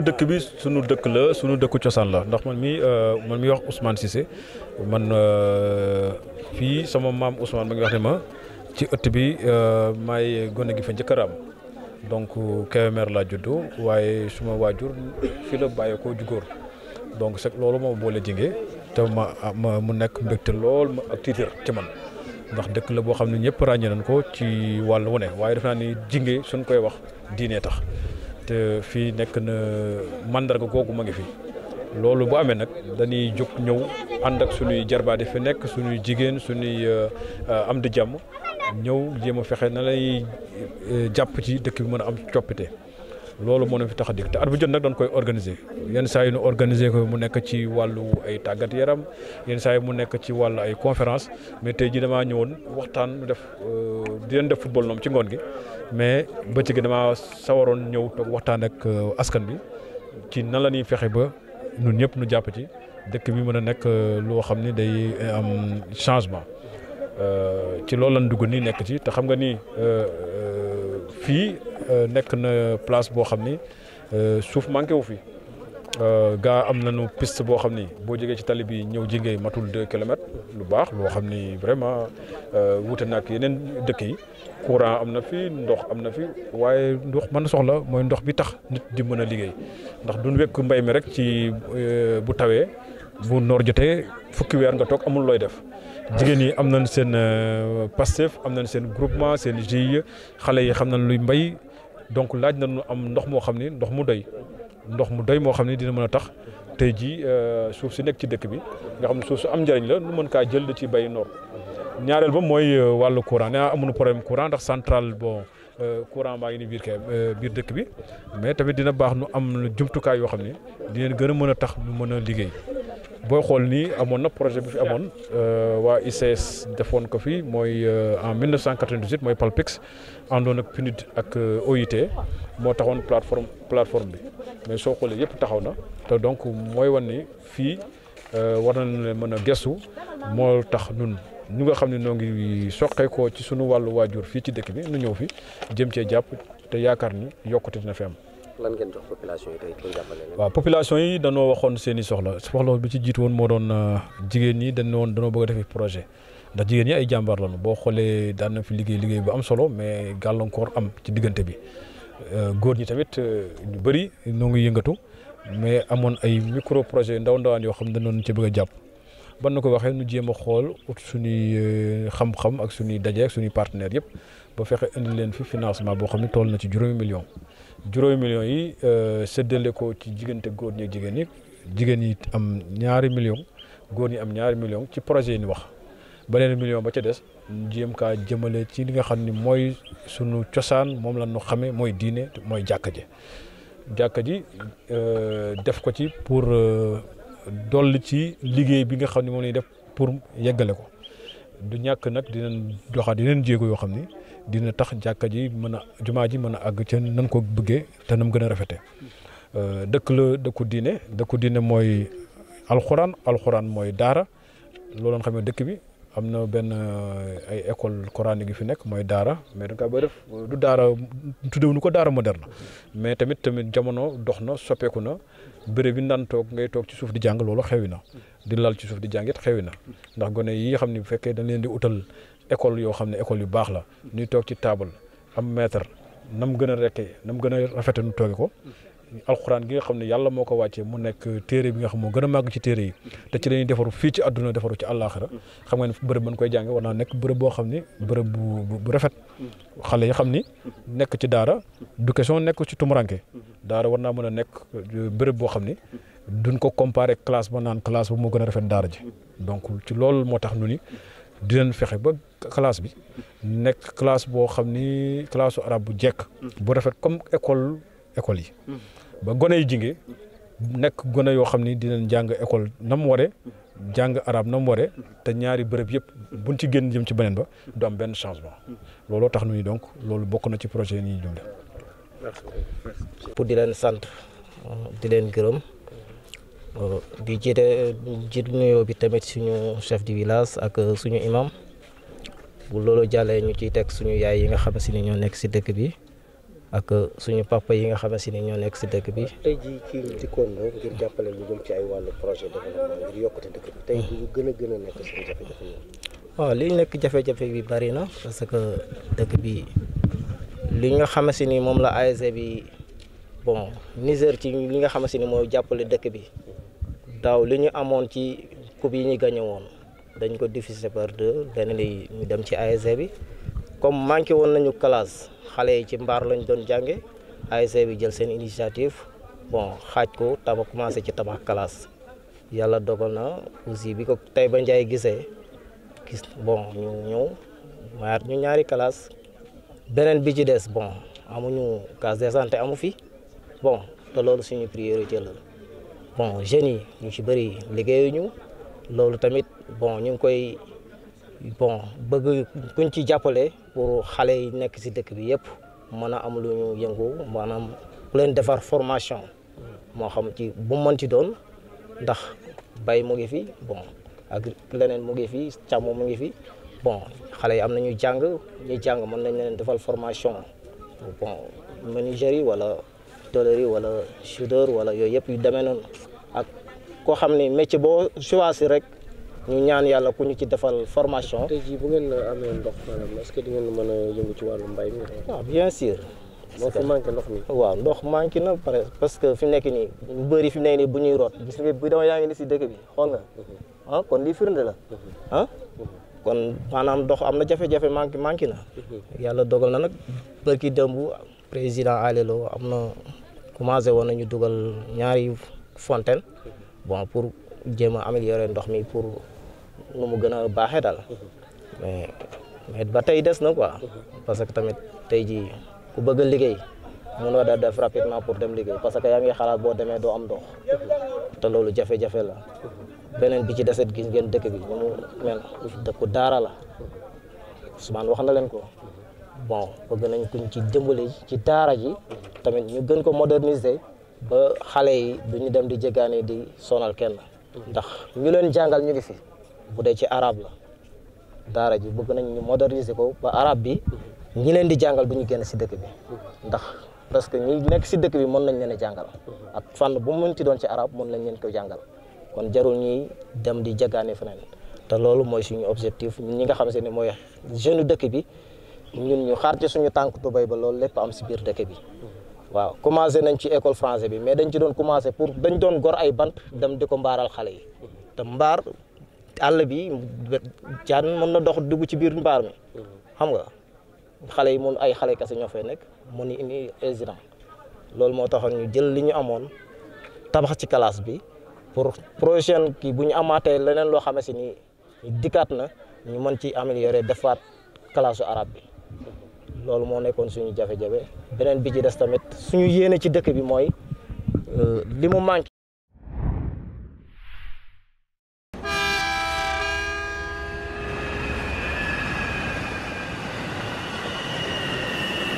dëkk bi sunu dëkk la sunu dëkku cosaan la ndax man mi euh, man mi wax si si man euh, fii sama maam Ousmane ba ngi wax ne ma ci ëtt bi euh, maay gone gi fa njëkkëraam donc Kébémer laa juddu waaye suma waajur fii la bàyyeekoo jugóor donc c'est loolu moo boole jingee te ma ma mu nekk mbégte lool ma ak tiitir ci man ndax dëkk la boo xam ne ñëpp ràññee nañ ko ci wàll wu ne waaye def naa ni jingee suñ koy wax diinee tax te fii nekk na mandarga googu ma ngi fi loolu bu amee nag dañuy jóg ñëw ànd ak suñuy jarbaade fi nekk suñuy jigéen suñuy euh, am di jàmm ñëw jéem a fexe na lay euh, jàpp ci dëkk bi mën a am coppite loolu moo leen fi tax a dikk te at bu jot nag doon koy organiser yenn saa yi nu organiser ko mu nekk ci wàllu ay tàggat yaram yenn saa yi mu nekk ci wàllu ay conférence mais tey ji damaa ñëwoon waxtaan mu def euh, di leen def football noom ci ngoon gi mais bëccëg gi damaa sawaroon ñëw toog waxtaan ak euh, askan bi ci nan la ñuy fexe ba ñun ñëpp ñu jàpp ci dëkk bi mën a nekk euh, loo xam ne day am changement ci loolu lañ dugg nii nekk ci te xam nga nii. fii euh, nekk na place boo xam ni euh, suuf manqué wu fi euh, gaa am nañu piste boo xam ni boo jógee ci tali bi ñëw jingee matul deux kilomètres lu baax loo xam ni vraiment wuute na yeneen dëkk yi courant am na fi ndox am na fi waaye ndox mën a soxla mooy ndox bi tax nit di mën a liggéey ndax duñ wekk mbay mi rek ci bu tawee bu noor jotee fukki weer nga toog amul looy def jigéen yi am nañ seen euh, pastef am nañ seen groupement seen GIE xale yi xam nañ luy mbay donc laaj na nañu am ndox moo xam ni ndox mu doy ndox mu doy moo xam ni dina mën a tax tey jii euh, suuf si nekk ci dëkk bi nga suuf su am njëriñ la nu mën kaa jël ci bay noor ñaareel ba mooy euh, wàllu courant nee naa problème courant ndax centrale bon courant baa ngi ni biir biir dëkk bi mais tamit dina baax nu am jumtukaay yoo xam ne dinañ gën a mën a tax nu mën a liggéey booy xool nii amoon na projet bi fi amoon euh, waa ICS defoon ko fi mooy euh, en 1998 mooy Palpix àndoon ak PNUD ak euh, OIT moo taxoon plateforme plateforme bi mais soo xoolee yëpp taxaw na te donc mooy wan ni fii war nañ leen mën a gestu moo tax ñun ñu nga xam ne ñoo ngi soqeekoo ci sunu wàllu waajur fii ci dëkk bi nu ñëw fi jëm cee jàpp te yaakaar ni yokkute na fi am. lan ngeen jox population yi tey pour jàppale leen. waaw population yi dañoo waxoon seen i soxla soxla bi ci jiitu woon moo doon euh, jigéen ñi dañ ne woon dañoo bëgg a def projet ndax jigéen ñi ay jàmbaar lañu boo xoolee daan fi liggéey liggéey bu am solo mais gàllankoor am ci diggante bi euh, góor ñi tamit euh, ñu bëri ñoo yëngatu mais amoon ay micro projet ndaw ndawaan yoo xam ne dañu ci bëgg a jàpp. ban na ko waxee nu jéem a xool ut suñuy xam-xam ak suñuy dajee ak suñuy partenaires yëpp ba fexe indi leen fi financement boo xam ne toll na ci juróomi million juróomi millions yi euh, seddale ko ci diggante góor ñi jigéen ñi jigéen ñi am ñaari million góor ñi am ñaari millions ci projet yi ñu wax beneen million ba ca des jéem kaa jëmale ci li nga xam ni mooy sunu cosaan moom la ñu xamee mooy diine mooy jàkka ji jàkka ji euh, def ko ci pour euh, dolli ci liggéey bi nga xam ne moom la def pour yeggale ko du ñàkk nag dinañ doxaat yeneen jéego yoo xam ni dina tax jàkka ji mën a jumaa ji mën a àgg ca nan ko bëggee te nam gën a rafete euh, dëkk la dëkku diine dëkku diine mooy alxuraan alxuraan mooy daara looloon xam ne dëkk bi am na benn euh, ay école coranique gi fi nekk mooy daara mais danga kaa ba def du daara tuddewuñu ko daara moderne mais tamit tamit jamono dox na soppeeku na béréb bi naan toog ngay toog ci suuf di jàng loolu xewi na di lal ci suuf di jàng it xewi na ndax gone yi xam ne bu fekkee dañ leen di utal école yoo xam ne école yu baax la ñuy toog ci taabal am maître nam gën a rekkee nam gën a rafete nu tooge ko alxuraan gi nga xam ne yàlla moo ko wàccee mu nekk téere bi nga xam moo gën a màgg ci téere yi te ci lañuy defaru fii ci àdduna defaru ci àllaaxira xam nga ne bërëb ban koy jànge war naa nekk bërëb boo xam ni bërëb bu bu rafet xale yi xam ni nekk ci daara éducation nekk ci tumuranke daara war naa mën a nekk euh, bërëb boo xam ne duñ ko comparé classe ba naan classe ba moo gën a rafet daara ji donc ci loolu moo tax ñu ni dinañ fexe ba classe bi nekk classe boo xam ni classe su arabe bu jekk. bu rafet comme école école yi. Mm-hmm. ba gone yi jingee nekk gone yoo xam ni dinañ jàng école na mu waree jàng arabe na mu waree te ñaari bërëb yëpp buñ ci génn jëm ci beneen ba du benn changement mm-hmm. looloo tax nuy donc loolu bokk na ci projet yi ñuy pour di leen sant di leen gërëm. di jiite jiit nuyoo bi tamit suñu chef di village ak suñu imam bu loolu jàllee ñu ciy teg suñu yaay yi nga xam si ni ñoo nekk si dëkk bi ak suñu papa yi nga xam ni ñoo nekk si dëkk bi. tey jii kii ñu dikkoon na ngir jàppale ñu ci ay wàllu projet développement ñu gën a gën a nekk seen jafe-jafe bi bari na parce que dëkk bi li nga xam si ni moom la ASC e bi bon Niger ci li nga xam si ni mooy jàppale dëkk bi. daaw li ñu amoon ci coupe yi ñu gagné woon dañ ko diviser par deux benn li ñu dem ci ASC bi comme manqué woon nañu kalaas xale yi ci mbaar lañ doon jànge ASC bi jël seen initiative bon xaaj ko tabax commencé ci tabax kalaas yàlla dogal na aussi bi ko Taïba Ndiaye gisee gis bon ñu ñëw maar ñu ñaari classe beneen bi ci des bon amuñu case de santé amu fi bon te loolu suñu priorité la bon jeunes yi ñu ci bëri liggéeyuñu loolu tamit bon ñu ngi koy bon bëgg kuñ ci jàppale pour xale yi nekk si dëkk bi yëpp mën a am ñu yëngu maanaam ku leen defar formation moo xam ci bu mën ci doon ndax bay mu ngi fi bon ak leneen mu gi fi càmm mu ngi fi bon xale yi am nañu jàng ñu jàng mën nañ leen defal formation bon menuisier yi wala tôlerie yi wala soudeur wala yooyu yëpp yu koo xam ne métier boo choisir rek ñu ñaan yàlla ku ñu ci defal formation. tey jii bu ngeen amee ndox maanaam est que di ngeen mën a yëngu ci wàllu mbay mi. waaw bien moo manqué ndox mi. waaw ndox manqué na pare parce que fi mu nekk ni ñu bëri fi mu nekk ni bu ñuy root gis nga bidon yaa ngi ni si dëkk bi xool nga mhm. ah, kon lii firnde la mhm. ah mhm. kon maanaam dox am na jafe-jafe manqué manqué na yàlla dogal na nag bërki démb président Alelo am na commencé woon nañu dogal ñaari fontaine bon pour jéem a améliorer ndox mi pour nu mu gën a baaxee daal mais ba tey des na quoi parce que tamit tey jii ku bëgg a liggéey mënoo da def rapidement pour dem liggéey parce que yaa ngi xalaat boo demee doo am ndox te loolu jafe-jafe la beneen bi ci deset gis ngeen dëkk bi ñu mu mel dëkku daara la Ousmane wax na leen ko bon bëgg nañ kuñ ci dimbali ci daara ji tamit ñu gën ko moderniser ba xale yi duñu dem di jéggaane di sonal kenn ndax ñu leen jàngal ñu ngi fi bu dee ci arab la daara ji bëgg nañ ñu moderniser ko ba arab bi ñi leen di jàngal duñu génn si dëkk bi ndax parce que ñi nekk si dëkk bi mën nañ leen a jàngal ak fànn bu mënti doon ci arab mën nañ leen ko jàngal kon jarul ñuy dem di jéggaane feneen te loolu mooy suñu objectif ñun ñi nga xam se ne mooy jeune dëkk bi ñun ñu xaar ci suñu tànk Dubaï ba loolu lépp am si biir dëkk bi waaw commencé nañ ci école français bi mais dañ ci doon commencé pour dañ doon gor ay bant dem di mbaaral xale yi te mbaar àll bi jaan mën na dox dugg ci biir mbaar mi xam nga xale yi mun ay xale kese ñoo fay nekk mun ni incident loolu moo taxoon ñu jël li ñu amoon tabax ci classe bi pour prochaine kii bu ñu amaatee leneen loo xamante ni dikkaat na ñu mën ci améliorer defaat classe su arabe bi loolu moo nekkoon suñu jafe-jafe beneen bi ci des tamit suñu yéene ci dëkk bi mooy euh, li mu manqué